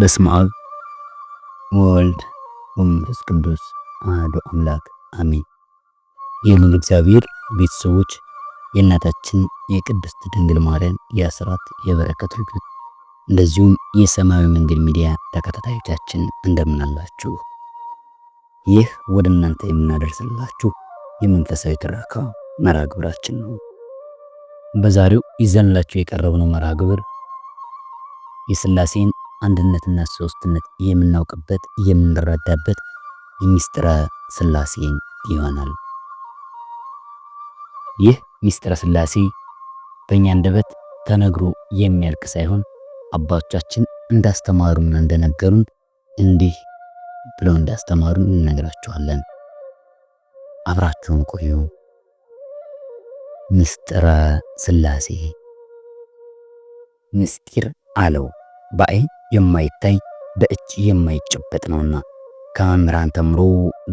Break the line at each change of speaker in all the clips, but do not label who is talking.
በስመ አብ ወወልድ ወመንፈስ ቅዱስ አሐዱ አምላክ አሜን። የልዑል እግዚአብሔር ቤተሰቦች የእናታችን የቅድስት ድንግል ማርያም የአስራት የበረከት ልጆች እንደዚሁም የሰማያዊ መንገድ ሚዲያ ተከታታዮቻችን እንደምናላችሁ ይህ ወደ እናንተ የምናደርስላችሁ የመንፈሳዊ ትረካ መርሃ ግብራችን ነው። በዛሬው ይዘንላችሁ የቀረብነው መርሃ ግብር የሥላሴን አንድነትና ሶስትነት የምናውቅበት የምንረዳበት ሚስጥረ ስላሴን ይሆናል። ይህ ሚስጥረ ስላሴ በእኛ አንደበት ተነግሮ የሚያልቅ ሳይሆን አባቶቻችን እንዳስተማሩና እንደነገሩን እንዲህ ብለው እንዳስተማሩን እንነግራችኋለን። አብራችሁን ቆዩ። ምስጢረ ስላሴ ምስጢር አለው ባይ የማይታይ በእጅ የማይጨበጥ ነውና ከመምህራን ተምሮ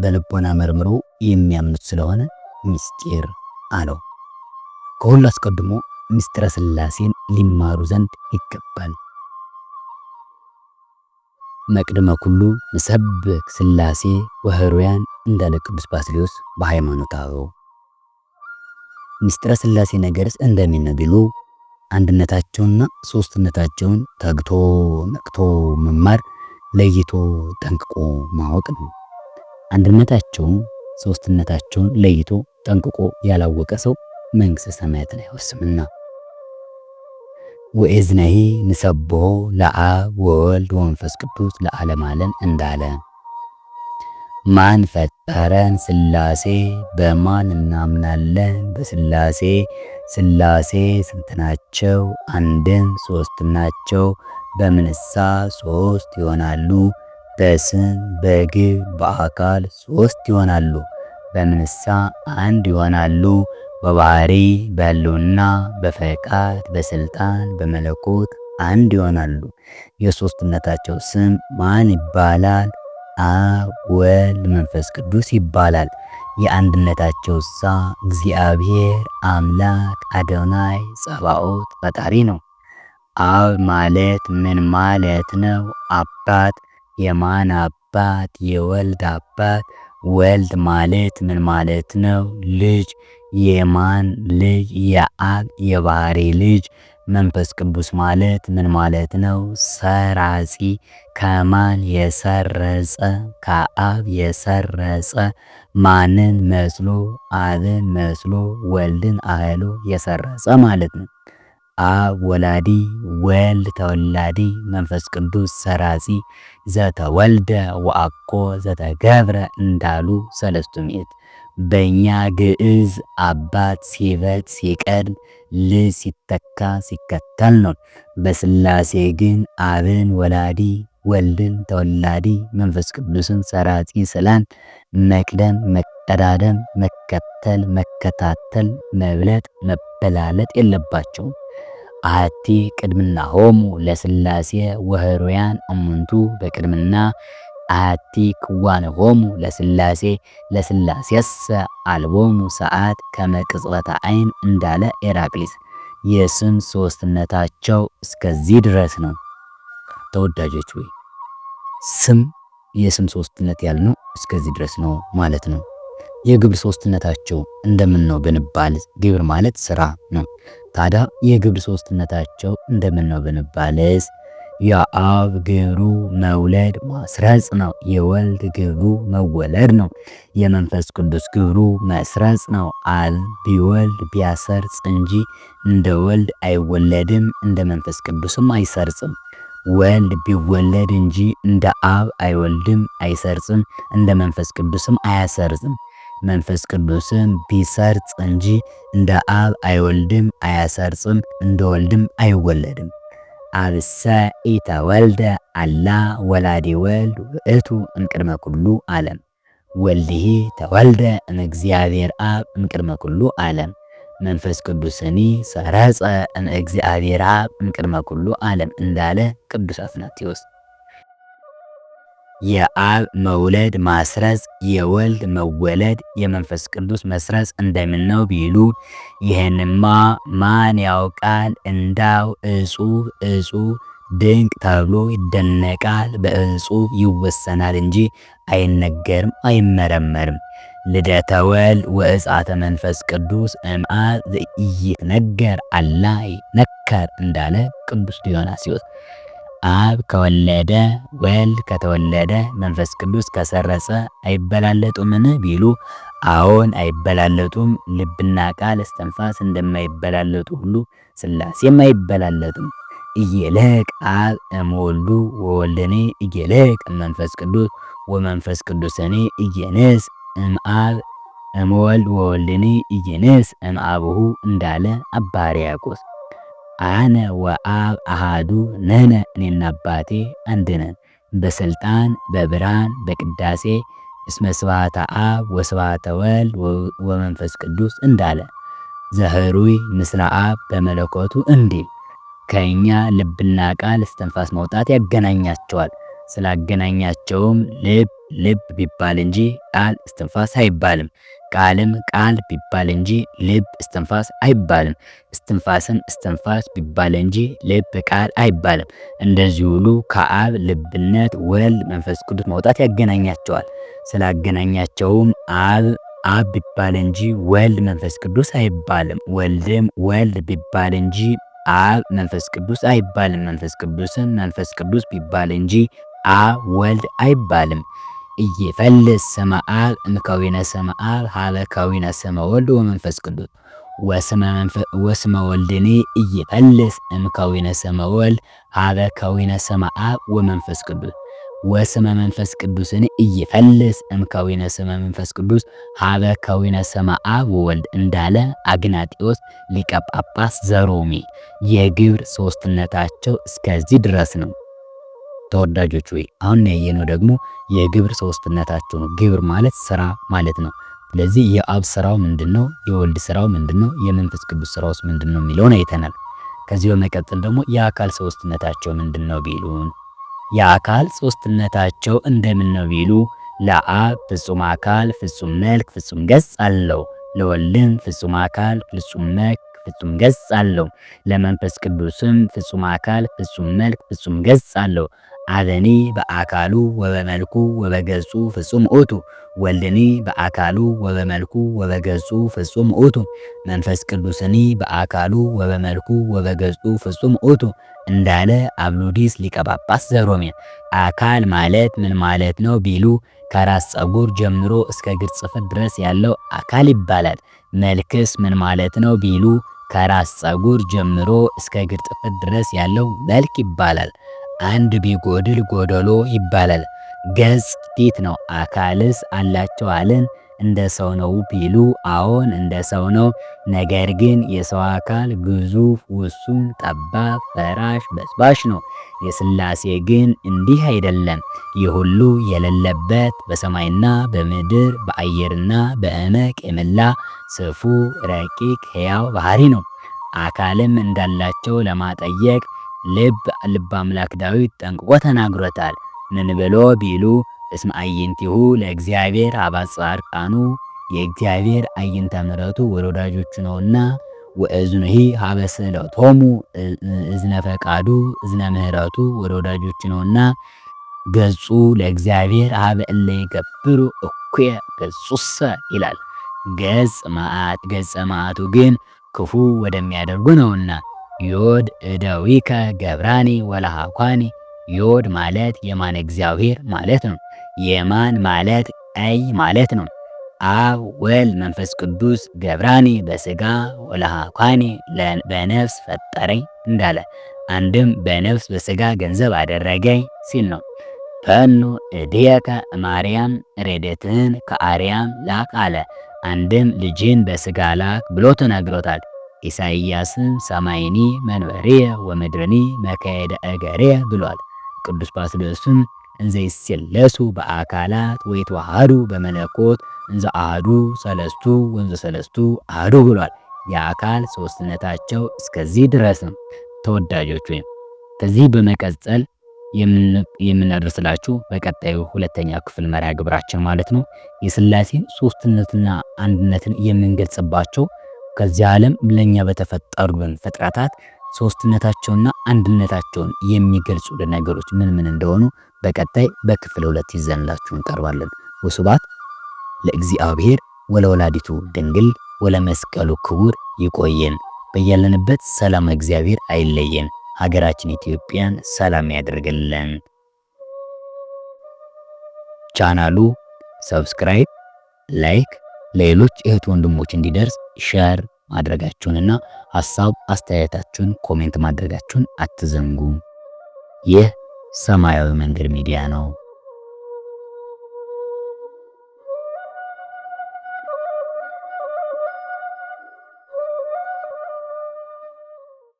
በልቦና መርምሮ የሚያምኑት ስለሆነ ምስጢር አለው። ከሁሉ አስቀድሞ ምስጢረ ሥላሴን ሊማሩ ዘንድ ይገባል። መቅድመ ኩሉ ምስብክ ሥላሴ ወህሩያን እንዳለ ቅዱስ ባስልዮስ በሃይማኖት አበው ምስጢረ ሥላሴ ነገርስ እንደምን ቢሉ አንድነታቸውና ሶስትነታቸውን ተግቶ ነቅቶ መማር ለይቶ ጠንቅቆ ማወቅ ነው። አንድነታቸውን ሶስትነታቸውን ለይቶ ጠንቅቆ ያላወቀ ሰው መንግሥተ ሰማያትን አይወርስምና ወእዝነሂ ንሰብሖ ለአብ ወወልድ ወመንፈስ ቅዱስ ለዓለመ ዓለም እንዳለ ማን ፈጠረን? ስላሴ በማን እናምናለን? በስላሴ ስላሴ ስንት ናቸው? አንድም ናቸው። በምንሳ ሶስት ይሆናሉ? በስም በግብ በአካል ሶስት ይሆናሉ። በምንሳ አንድ ይሆናሉ። በባህሪ በሕልውና በፈቃድ በስልጣን በመለኮት አንድ ይሆናሉ። የሶስትነታቸው ስም ማን ይባላል? አብ ወልድ መንፈስ ቅዱስ ይባላል። የአንድነታቸው እሳ እግዚአብሔር አምላክ አዶናይ ጸባኦት ፈጣሪ ነው። አብ ማለት ምን ማለት ነው? አባት የማን አባት? የወልድ አባት። ወልድ ማለት ምን ማለት ነው? ልጅ የማን ልጅ? የአብ የባህሪ ልጅ መንፈስ ቅዱስ ማለት ምን ማለት ነው? ሰራጺ ከማን የሰረጸ ከአብ የሰረጸ ማንን መስሎ? አብን መስሎ ወልድን አይሎ የሰረጸ ማለት ነው። አብ ወላዲ ወልድ ተወላዲ መንፈስ ቅዱስ ሰራጺ ዘተወልደ ወአኮ ዘተገብረ እንዳሉ ሰለስቱ ምዕት በእኛ ግዕዝ አባት ሲበልጥ ሲቀድም ልጅ ሲተካ ሲከተል ነው። በስላሴ ግን አብን ወላዲ ወልድን ተወላዲ መንፈስ ቅዱስን ሰራጺ ስላን መቅደም፣ መቀዳደም፣ መከተል፣ መከታተል፣ መብለጥ፣ መበላለጥ የለባቸውም። አቲ ቅድምና ሆሙ ለስላሴ ወህሩያን እሙንቱ በቅድምና ሆሙ ለስላሴ ለስላሴስ አልቦሙ ሰዓት ከመቅጽበታ አይን እንዳለ ኤራቅሊስ የስም ሶስትነታቸው እስከዚህ ድረስ ነው። ተወዳጆች ወይ ስም የስም ሶስትነት ያልነው እስከዚህ ድረስ ነው ማለት ነው። የግብር ሶስትነታቸው እንደምን ነው ብንባል ግብር ማለት ስራ ነው። ታዲያ የግብር ሶስትነታቸው እንደምን ነው ብንባልስ የአብ ግብሩ መውለድ ማስረጽ ነው። የወልድ ግብሩ መወለድ ነው። የመንፈስ ቅዱስ ግብሩ መስረጽ ነው። አብ ቢወልድ ቢያሰርጽ እንጂ እንደ ወልድ አይወለድም፣ እንደ መንፈስ ቅዱስም አይሰርጽም። ወልድ ቢወለድ እንጂ እንደ አብ አይወልድም፣ አይሰርጽም፣ እንደ መንፈስ ቅዱስም አያሰርጽም። መንፈስ ቅዱስም ቢሰርጽ እንጂ እንደ አብ አይወልድም፣ አያሰርጽም፣ እንደ ወልድም አይወለድም። አብሰ ኢተወልደ አላ ወላዴ ወልድ ውእቱ እምቅድመ ኩሉ ዓለም ወልድሂ ተወልደ እምእግዚአብሔር አብ እምቅድመ ኩሉ ዓለም መንፈስ ቅዱስኒ ሰረጸ እምእግዚአብሔር አብ እምቅድመ ኩሉ ዓለም እንዳለ ቅዱስ አትናቴዎስ የአብ መውለድ ማስረጽ፣ የወልድ መወለድ፣ የመንፈስ ቅዱስ መስረጽ እንደምነው ቢሉ ይህንማ ማን ያውቃል? እንዳው እጹብ እጹብ ድንቅ ተብሎ ይደነቃል፣ በእጹብ ይወሰናል እንጂ አይነገርም፣ አይመረመርም። ልደተ ወልድ ወእጻተ መንፈስ ቅዱስ እምአብ ዘኢይትነገር አላ ይትነከር እንዳለ ቅዱስ ዲዮናስዮስ አብ ከወለደ ወልድ ከተወለደ መንፈስ ቅዱስ ከሰረጸ አይበላለጡምን ቢሉ አዎን አይበላለጡም። ልብና ቃል እስትንፋስ እንደማይበላለጡ ሁሉ ሥላሴም አይበላለጡም። እየለቅ አብ እምወልዱ ወወልደኔ እየለቅ መንፈስ ቅዱስ ወመንፈስ ቅዱስኔ እየንስ እምአብ እምወልድ ወወልድኔ እየንስ እምአብሁ እንዳለ አባ ሕርያቆስ አነ ወአብ አሃዱ ነነ እኔና አባቴ አንድ ነን። በስልጣን በብርሃን በቅዳሴ እስመ ስብሐተ አብ ወስብሐተ ወልድ ወመንፈስ ቅዱስ እንዳለ ዘህሩይ ምስለ አብ በመለኮቱ እንዲል ከእኛ ልብና ቃል እስትንፋስ መውጣት ያገናኛቸዋል። ስላገናኛቸውም ልብ ልብ ቢባል እንጂ ቃል እስትንፋስ አይባልም። ቃልም ቃል ቢባል እንጂ ልብ እስትንፋስ አይባልም። እስትንፋስም እስትንፋስ ቢባል እንጂ ልብ ቃል አይባልም። እንደዚህ ሁሉ ከአብ ልብነት ወልድ መንፈስ ቅዱስ መውጣት ያገናኛቸዋል። ስላገናኛቸውም አብ አብ ቢባል እንጂ ወልድ መንፈስ ቅዱስ አይባልም። ወልድም ወልድ ቢባል እንጂ አብ መንፈስ ቅዱስ አይባልም። መንፈስ ቅዱስም መንፈስ ቅዱስ ቢባል እንጂ አብ ወልድ አይባልም። እይፈልስ ስመ አብ እምከዊነ ስመ አብ ሀበ ከዊነ ስመ ወልድ ወመንፈስ ቅዱስ ወስመ ወልድኒ እይፈልስ እምከዊነ ስመ ወልድ ሀበ ከዊነ ስመ አብ ወመንፈስ ቅዱስ ወስመ መንፈስ ቅዱስን እይፈልስ እምከዊነ ስመ መንፈስ ቅዱስ ሀበ ከዊነ ስመ አብ ወወልድ እንዳለ አግናጢዎስ ሊቀ ጳጳስ ዘሮሜ የግብር ሶስትነታቸው እስከዚህ ድረስ ነው። ተወዳጆች ወይ አሁን ያየነው ደግሞ የግብር ሶስትነታቸው ነው። ግብር ማለት ስራ ማለት ነው። ስለዚህ የአብ ስራው ምንድነው? የወልድ ስራው ምንድነው? የመንፈስ ቅዱስ ስራውስ ምንድነው የሚለውን አይተናል። ከዚህ በመቀጠል ደግሞ የአካል ሶስትነታቸው ምንድነው ቢሉን የአካል ሶስትነታቸው እንደምን ነው ቢሉ ለአብ ፍጹም አካል፣ ፍጹም መልክ፣ ፍጹም ገጽ አለው። ለወልድም ፍጹም አካል፣ ፍጹም መልክ ፍጹም ገጽ አለው። ለመንፈስ ቅዱስም ፍጹም አካል፣ ፍጹም መልክ፣ ፍጹም ገጽ አለው። አደኒ በአካሉ ወበመልኩ ወበገጹ ፍጹም ኦቱ ወልድኒ በአካሉ ወበመልኩ ወበገጹ ፍጹም ኦቱ መንፈስ ቅዱስኒ በአካሉ ወበመልኩ ወበገጹ ፍጹም ኦቱ እንዳለ አብሉዲስ ሊቀ ጳጳስ ዘሮሜ። አካል ማለት ምን ማለት ነው ቢሉ ከራስ ፀጉር ጀምሮ እስከ እግር ጽፍር ድረስ ያለው አካል ይባላል። መልክስ ምን ማለት ነው ቢሉ ከራስ ፀጉር ጀምሮ እስከ እግር ጽፍር ድረስ ያለው መልክ ይባላል። አንድ ቢጎድል ጎደሎ ይባላል። ገጽ ፊት ነው። አካልስ አላቸው አልን እንደ ሰው ነው ቢሉ አዎን እንደ ሰው ነው። ነገር ግን የሰው አካል ግዙፍ፣ ውሱን፣ ጠባብ፣ ፈራሽ፣ በስባሽ ነው። የስላሴ ግን እንዲህ አይደለም። ይህ ሁሉ የሌለበት በሰማይና በምድር በአየርና በእመቅ የመላ ስፉ ረቂቅ ሕያው ባህሪ ነው። አካልም እንዳላቸው ለማጠየቅ ልብ ልበ አምላክ ዳዊት ጠንቅቆ ተናግሮታል። ምን ብሎ ቢሉ እስመ አዕይንቲሁ ለእግዚአብሔር አባት የእግዚአብሔር አዕይንተ ምሕረቱ ወደ ወዳጆቹ ነውና ወእዝንሂ ሀበ ስእለቶሙ እዝነ ፈቃዱ እዝነ ምሕረቱ ነውና ገጹ ለእግዚአብሔር ሀበ እለ ይገብሩ እኩየ ገጹሰ ይላል። ገጽ መዓት ገጸ መዓቱ ግን ክፉ ወደሚያደርጉ ነውና ዮድ እደዊከ ገብራኒ ወላሃኳኒ ዮድ ማለት የማን እግዚአብሔር ማለት ነው። የማን ማለት አይ ማለት ነው። አብ ወል መንፈስ ቅዱስ ገብራኒ በስጋ ወላሃኳኒ በነፍስ ፈጠረኝ እንዳለ አንድም በነፍስ በስጋ ገንዘብ አደረገኝ ሲል ነው። ፈኑ እድየከ ማርያም ረድኤትህን ከአርያም ላክ አለ። አንድም ልጅን በስጋ ላክ ብሎ ተናግሮታል። ኢሳይያስም ሰማይኒ መንበሬ ወምድርኒ መካሄደ እገሬ ብሏል። ቅዱስ ባስልዮስም እንዘ ይሴለሱ በአካላት ወይተዋሃዱ በመለኮት እንዘ አህዱ ሰለስቱ ወንዘ ሰለስቱ አህዱ ብሏል። የአካል ሶስትነታቸው እስከዚህ ድረስ ነው። ተወዳጆች ወይም ከዚህ በመቀጠል የምናደርስላችሁ በቀጣዩ ሁለተኛ ክፍል መርሃ ግብራችን ማለት ነው የስላሴ ሶስትነትና አንድነትን የምንገልጽባቸው ከዚህ ዓለም ለኛ በተፈጠሩን ፍጥረታት ሶስትነታቸውና አንድነታቸውን የሚገልጹ ነገሮች ምን ምን እንደሆኑ በቀጣይ በክፍል ሁለት ይዘንላችሁ እንቀርባለን። ወስብሐት ለእግዚአብሔር ወለወላዲቱ ድንግል ወለመስቀሉ ክቡር ይቆየን። በያለንበት ሰላም እግዚአብሔር አይለየን። ሀገራችን ኢትዮጵያን ሰላም ያደርግልን። ቻናሉ ሰብስክራይብ፣ ላይክ ለሌሎች እህት ወንድሞች እንዲደርስ ሸር ማድረጋችሁንና ሀሳብ አስተያየታችሁን ኮሜንት ማድረጋችሁን አትዘንጉ። ይህ ሰማያዊ መንገድ ሚዲያ ነው።